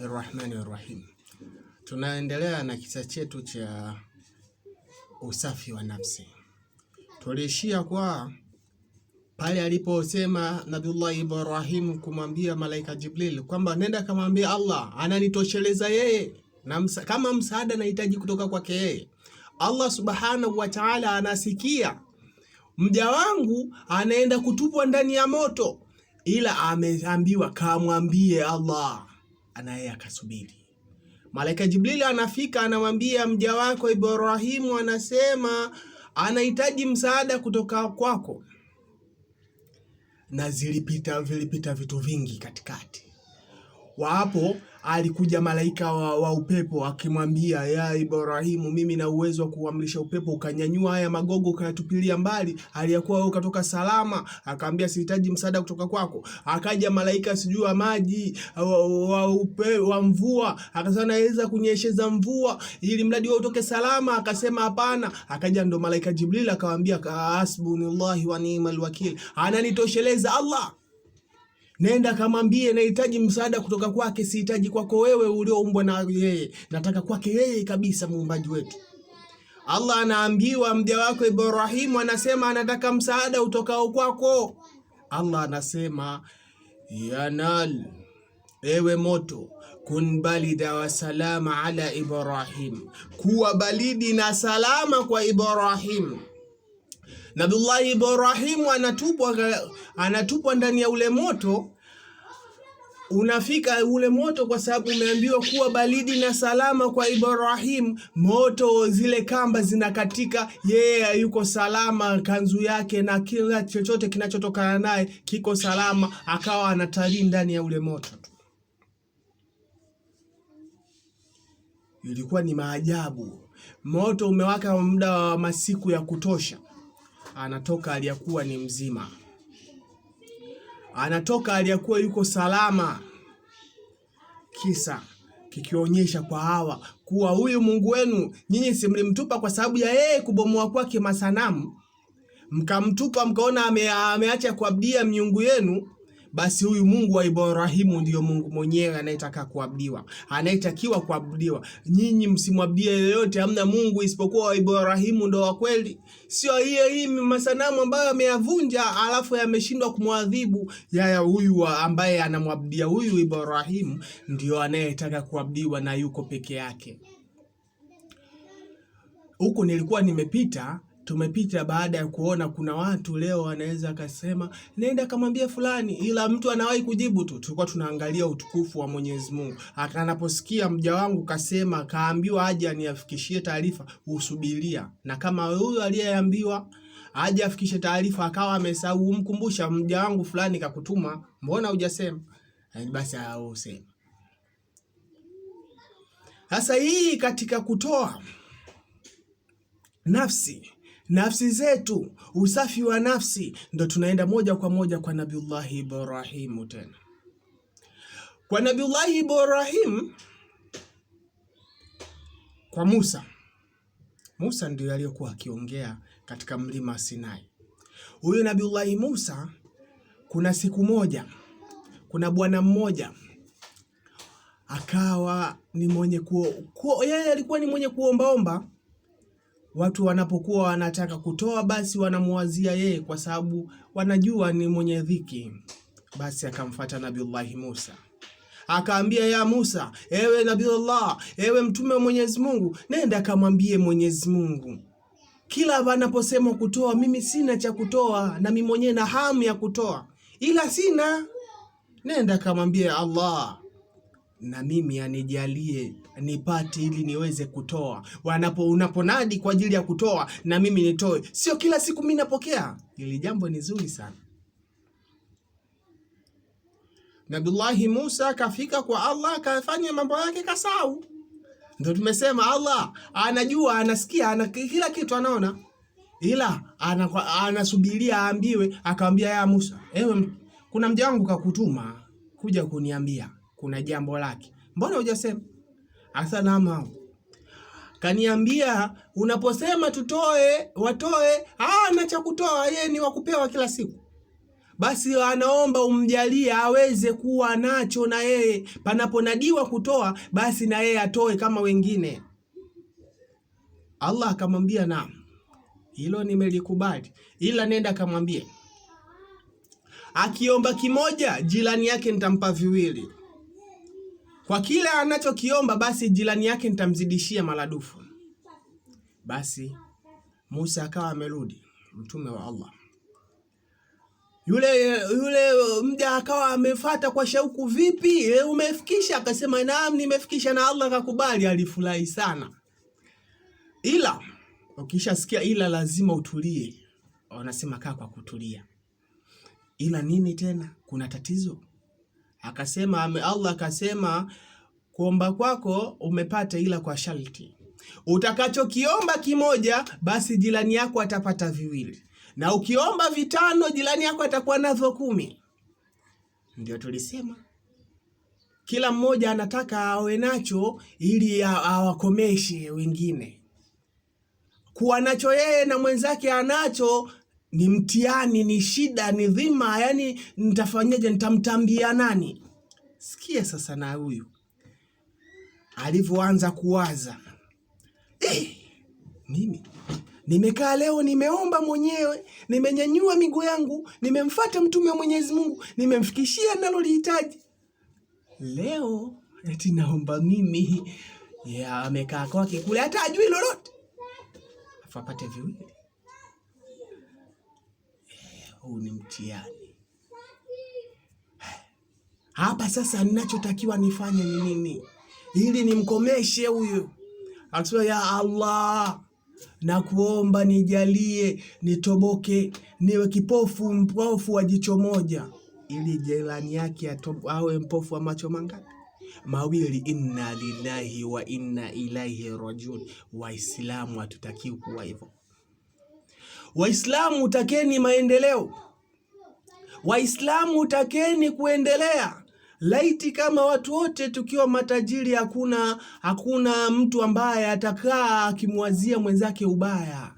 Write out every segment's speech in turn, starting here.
Bismillahi rahmani rahim. Tunaendelea na kisa chetu cha usafi wa nafsi. Tuliishia kwa pale aliposema Nabiullah Ibrahim kumwambia malaika Jibril kwamba nenda kamwambia Allah ananitosheleza yeye na msa, kama msaada nahitaji kutoka kwake yeye. Allah subhanahu wa taala anasikia mja wangu anaenda kutupwa ndani ya moto, ila ameambiwa kamwambie Allah anaye akasubiri. Malaika Jibril anafika anamwambia mja wako Ibrahimu, anasema anahitaji msaada kutoka kwako. Na zilipita vilipita vitu vingi katikati, wapo alikuja malaika wa, wa upepo akimwambia, ya Ibrahimu, mimi na uwezo wa kuamrisha upepo ukanyanyua haya magogo ukayatupilia mbali, aliyakuwa wewe ukatoka salama. Akaambia sihitaji msaada kutoka kwako. Akaja malaika sijui wa maji wa, wa, upe, wa mvua, akasema naweza kunyesheza mvua ili mradi wewe utoke salama. Akasema hapana. Akaja ndo malaika Jibril akamwambia, asbunullahi wa ni'mal wakil, ananitosheleza Allah Nenda kamwambie, nahitaji msaada kutoka kwake, sihitaji kwako wewe ulioumbwa na yeye, nataka kwake yeye kabisa, muumbaji wetu. Allah anaambiwa mja wako Ibrahimu, anasema anataka msaada utokao kwako. Allah anasema yanal, ewe moto kun balida wa salama ala Ibrahim, kuwa balidi na salama kwa Ibrahim. Nabiullahi Ibrahimu anatupwa, anatupwa ndani ya ule moto unafika ule moto kwa sababu umeambiwa kuwa baridi na salama kwa Ibrahim. Moto zile kamba zinakatika, yeye yeah, yuko salama, kanzu yake na kila chochote kinachotokana naye kiko salama, akawa anatalii ndani ya ule moto. Ilikuwa ni maajabu. Moto umewaka muda wa masiku ya kutosha anatoka aliyakuwa ni mzima, anatoka aliyakuwa yuko salama, kisa kikionyesha kwa hawa kuwa huyu Mungu wenu nyinyi simlimtupa kwa sababu ya yeye kubomoa kwake masanamu, mkamtupa mkaona ameacha kuabudia miungu yenu basi huyu Mungu wa Ibrahimu ndiyo Mungu mwenyewe anayetaka kuabudiwa, anayetakiwa kuabudiwa. Nyinyi msimwabudie yeyote, hamna Mungu isipokuwa wa Ibrahimu, ndo wa kweli. Sio hiyo hii masanamu ambayo ameyavunja alafu yameshindwa kumwadhibu yaya. Huyu ambaye anamwabudia huyu Ibrahimu ndiyo anayetaka kuabudiwa na yuko peke yake. Huku nilikuwa nimepita tumepita baada ya kuona kuna watu leo wanaweza akasema nenda kamwambia fulani, ila mtu anawahi kujibu tu. Tulikuwa tunaangalia utukufu wa Mwenyezi Mungu, atanaposikia mja wangu kasema, kaambiwa aje aniafikishie taarifa, usubiria Na kama huyo aliyeambiwa aje afikishe taarifa akawa amesahau, umkumbusha mja wangu fulani kakutuma, mbona hujasema? Eh, basi useme sasa. Hii katika kutoa nafsi nafsi zetu, usafi wa nafsi, ndo tunaenda moja kwa moja kwa Nabiullahi Ibrahimu tena kwa Nabiullahi Ibrahim kwa Musa. Musa ndio aliyokuwa akiongea katika mlima Sinai. Huyu Nabiullahi Musa, kuna siku moja, kuna bwana mmoja akawa ni mwenye kuo, kuo, yeye alikuwa ni mwenye kuombaomba watu wanapokuwa wanataka kutoa, basi wanamuwazia yeye, kwa sababu wanajua ni mwenye dhiki. Basi akamfata Nabiullahi Musa akaambia, ya Musa, ewe Nabiullah, ewe mtume wa Mwenyezi Mungu, nenda kamwambie Mwenyezi Mungu kila wanaposema kutoa, mimi sina cha kutoa, na mimi mwenyewe na hamu ya kutoa, ila sina. Nenda kamwambie Allah na mimi anijalie nipate ili niweze kutoa. Wanapo unaponadi kwa ajili ya kutoa, na mimi nitoe. Sio kila siku mimi napokea. Hili jambo ni zuri sana. Nabillahi Musa kafika kwa Allah, kafanya mambo yake, kasau. Ndio tumesema Allah anajua, anasikia, ana kila kitu anaona, ila anasubiria aambiwe. Akamwambia, ya Musa, ewe kuna mja wangu kakutuma kuja kuniambia kuna jambo lake. Mbona hujasema? Asalama. kaniambia unaposema tutoe watoe, ah, na cha kutoa yeye ni wakupewa kila siku basi anaomba umjalie aweze kuwa nacho na yeye, panaponadiwa kutoa, basi na yeye atoe kama wengine. Allah akamwambia, naam, hilo nimelikubali, ila nenda kamwambie, akiomba kimoja jirani yake nitampa viwili. Kwa kila anachokiomba basi jirani yake nitamzidishia maradufu. Basi Musa akawa amerudi, mtume wa Allah yule yule mja akawa amefata kwa shauku, vipi e, umefikisha? Akasema naam, nimefikisha na Allah akakubali. Alifurahi sana, ila ukishasikia ila lazima utulie. Wanasema kaa kwa kutulia. Ila nini tena? Kuna tatizo akasema Allah akasema kuomba kwako umepata, ila kwa sharti utakachokiomba kimoja, basi jirani yako atapata viwili, na ukiomba vitano, jirani yako atakuwa navyo kumi. Ndio tulisema kila mmoja anataka awe nacho ili awakomeshe wengine. Kuwa nacho yeye na mwenzake anacho ni mtihani, ni shida, ni dhima. Yani nitafanyaje? Nitamtambia nani? Sikia sasa, na huyu alivyoanza kuwaza eh, mimi nimekaa leo, nimeomba mwenyewe, nimenyanyua miguu yangu, nimemfuata mtume wa Mwenyezi Mungu, nimemfikishia nalolihitaji. Leo eti naomba mimi? Amekaa kwake kule, hata ajui lolote, afapate viwili huu ni mtihani. Hapa sasa ninachotakiwa nifanye ni nini ili nimkomeshe huyu? Anasema, ya Allah, nakuomba nijalie nitoboke, niwe kipofu mpofu wa jicho moja, ili jirani yake awe mpofu wa macho mangapi? Mawili. Inna lillahi wa inna ilaihi rajiun. Waislamu hatutakiwi kuwa hivyo. Waislamu takeni maendeleo, Waislamu takeni kuendelea. Laiti kama watu wote tukiwa matajiri, hakuna hakuna mtu ambaye atakaa akimwazia mwenzake ubaya.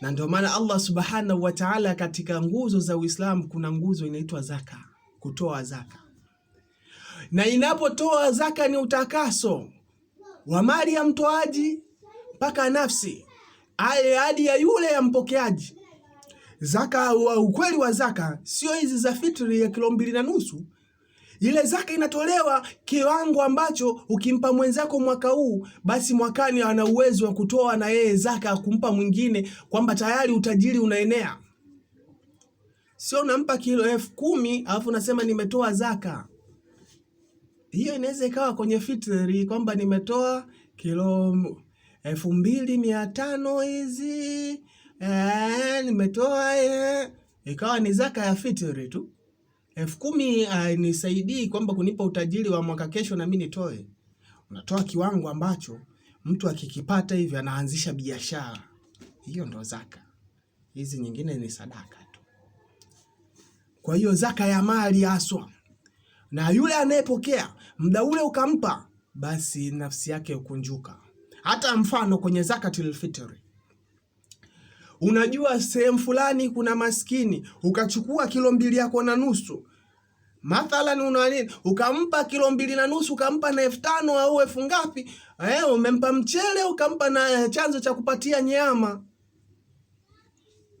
Na ndio maana Allah subhanahu wa ta'ala, katika nguzo za Uislamu kuna nguzo inaitwa zaka, kutoa zaka, na inapotoa zaka ni utakaso wa mali ya mtoaji mpaka nafsi aye ahadi ya yule ya mpokeaji. Zaka wa ukweli wa zaka sio hizi za fitri ya kilo mbili na nusu. Ile zaka inatolewa kiwango ambacho ukimpa mwenzako mwaka huu, basi mwakani ana uwezo wa kutoa na yeye zaka kumpa mwingine, kwamba tayari utajiri unaenea. Sio unampa kilo elfu kumi alafu unasema nimetoa zaka. Hiyo inaweza ikawa kwenye fitri kwamba nimetoa kilo elfu mbili mia tano hizi e, nimetoa e. Ikawa ni zaka ya fitri tu elfu kumi nisaidii ah, kwamba kunipa utajiri wa mwaka kesho, na mimi nitoe. Unatoa kiwango ambacho mtu akikipata hivi anaanzisha biashara. Hiyo ndo zaka. Hizi nyingine ni sadaka tu. Kwa hiyo zaka ya mali haswa, na yule anayepokea muda ule ukampa, basi nafsi yake ukunjuka hata mfano kwenye zakatul fitri, unajua sehemu fulani kuna maskini, ukachukua kilo mbili yako na nusu mathalan una nini, ukampa kilo mbili na nusu, ukampa na elfu tano au elfu ngapi eh, umempa mchele, ukampa na chanzo cha kupatia nyama.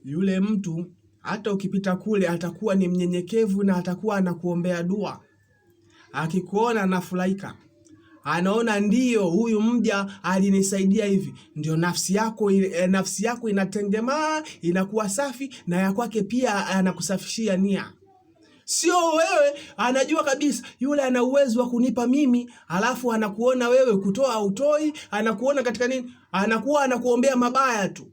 Yule mtu hata ukipita kule atakuwa ni mnyenyekevu na atakuwa anakuombea dua, akikuona anafurahika anaona ndiyo, huyu mja alinisaidia hivi. Ndio nafsi yako, e, nafsi yako inatengemaa, inakuwa safi, na ya kwake pia anakusafishia nia. Sio wewe, anajua kabisa yule ana uwezo wa kunipa mimi, alafu anakuona wewe kutoa utoi, anakuona katika nini, anakuwa anakuombea mabaya tu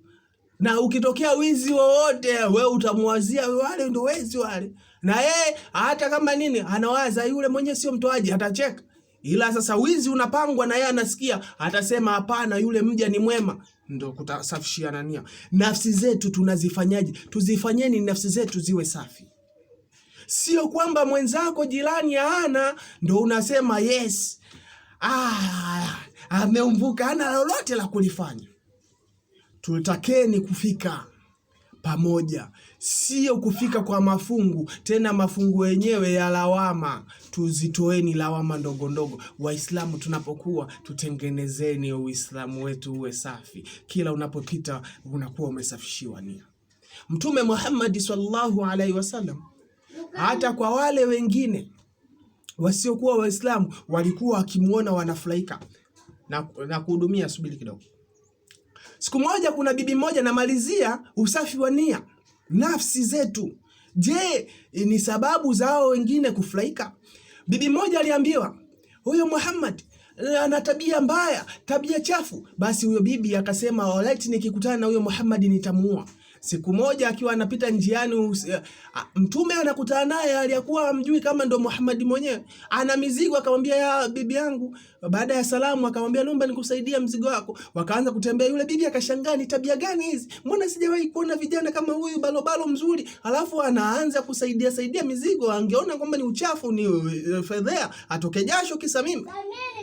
na ukitokea wizi wowote wewe utamwazia wale ndo wezi wale, na yeye hata kama nini anawaza yule mwenye sio mtoaji, atacheka ila sasa wizi unapangwa na yeye anasikia, atasema hapana, yule mja ni mwema. Ndo kutasafishiana nia. Nafsi zetu tunazifanyaje? Tuzifanyeni nafsi zetu ziwe safi, sio kwamba mwenzako jirani ana ndo unasema yes, ah, ameumbuka, ana lolote la kulifanya. Tutakeni kufika pamoja, sio kufika kwa mafungu tena, mafungu yenyewe ya lawama. Tuzitoeni lawama ndogo ndogo. Waislamu tunapokuwa, tutengenezeni Uislamu wetu uwe safi, kila unapopita unakuwa umesafishiwa nia. Mtume Muhammad sallallahu alaihi wasallam, hata kwa wale wengine wasiokuwa Waislamu walikuwa wakimwona wanafurahika na, na kuhudumia. Subiri kidogo. Siku moja kuna bibi moja, namalizia usafi wa nia, nafsi zetu. Je, ni sababu zao wengine kufurahika? Bibi moja aliambiwa, huyo Muhammad eh, ana tabia mbaya, tabia chafu. Basi huyo bibi akasema, alright, nikikutana na huyo Muhammad nitamuua. Siku moja akiwa anapita njiani eh, mtume anakutana naye, aliyakuwa amjui kama ndo Muhammad mwenyewe, ana mizigo. Akamwambia, ya bibi yangu baada ya salamu, akamwambia Lumba, nikusaidia mzigo wako. Wakaanza kutembea, yule bibi akashangaa, ni tabia gani hizi? Mbona sijawahi kuona vijana kama huyu balobalo mzuri, alafu anaanza kusaidia saidia mizigo. Angeona kwamba ni uchafu, ni eh, fedhea, atoke jasho kisa mimi.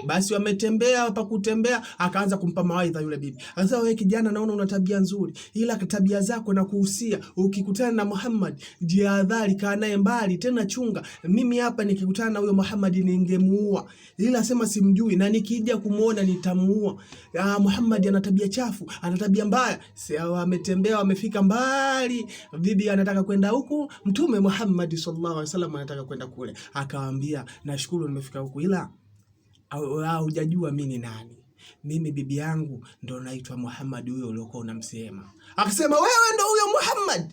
Basi wametembea pa kutembea, akaanza kumpa mawaidha yule bibi. Sasa wewe kijana, naona una tabia nzuri, ila tabia zako na kuhusia, ukikutana na Muhammad jihadhari, kaa naye mbali, tena chunga. Mimi hapa nikikutana na huyo Muhammad ningemuua, ila sema simjui hajui, na nikija kumwona nitamuua. Ah, Muhammad ana tabia chafu, ana tabia mbaya. Sawa, ametembea amefika mbali, bibi anataka kwenda huku, Mtume Muhammad sallallahu alaihi wasallam anataka kwenda kule. Akawaambia, nashukuru nimefika huku, ila hujajua mimi ni nani mimi bibi yangu ndo naitwa Muhammad, huyo uliokuwa unamsema. Akasema, wewe ndo huyo Muhammad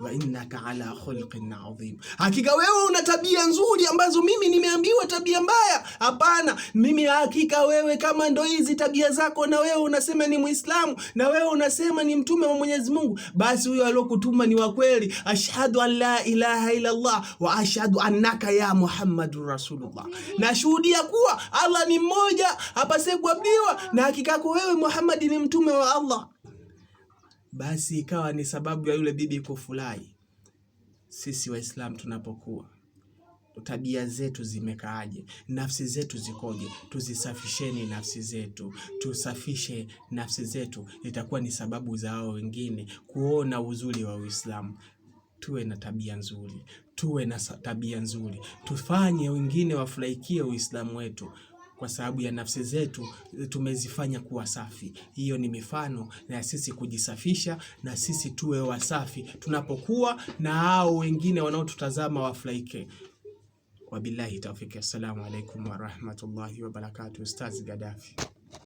wa innaka ala khulqin adhim, hakika wewe una tabia nzuri ambazo mimi nimeambiwa tabia mbaya. Hapana, mimi hakika wewe kama ndo hizi tabia zako, na wewe unasema ni Muislamu, na wewe unasema ni mtume wa Mwenyezi Mungu, basi huyo aliyokutuma ni wa kweli. Ashhadu an la ilaha illa Allah wa ashhadu annaka ya Muhammadur Rasulullah, nashuhudia kuwa Allah ni mmoja, hapasee kuabudiwa, na hakika yako wewe Muhammad ni mtume wa Allah basi ikawa ni sababu ya yule bibi kufurahi. Sisi Waislamu tunapokuwa tabia zetu zimekaaje? Nafsi zetu zikoje? Tuzisafisheni nafsi zetu, tusafishe nafsi zetu, itakuwa ni sababu za hao wengine kuona uzuri wa Uislamu. Tuwe na tabia nzuri, tuwe na tabia nzuri, tufanye wengine wafurahikie Uislamu wetu kwa sababu ya nafsi zetu tumezifanya kuwa safi. Hiyo ni mifano na sisi kujisafisha, na sisi tuwe wasafi tunapokuwa, na hao wengine wanaotutazama wafurahike. Wabillahi taufiki, assalamu alaikum warahmatullahi wabarakatu. Ustaz Gaddafi.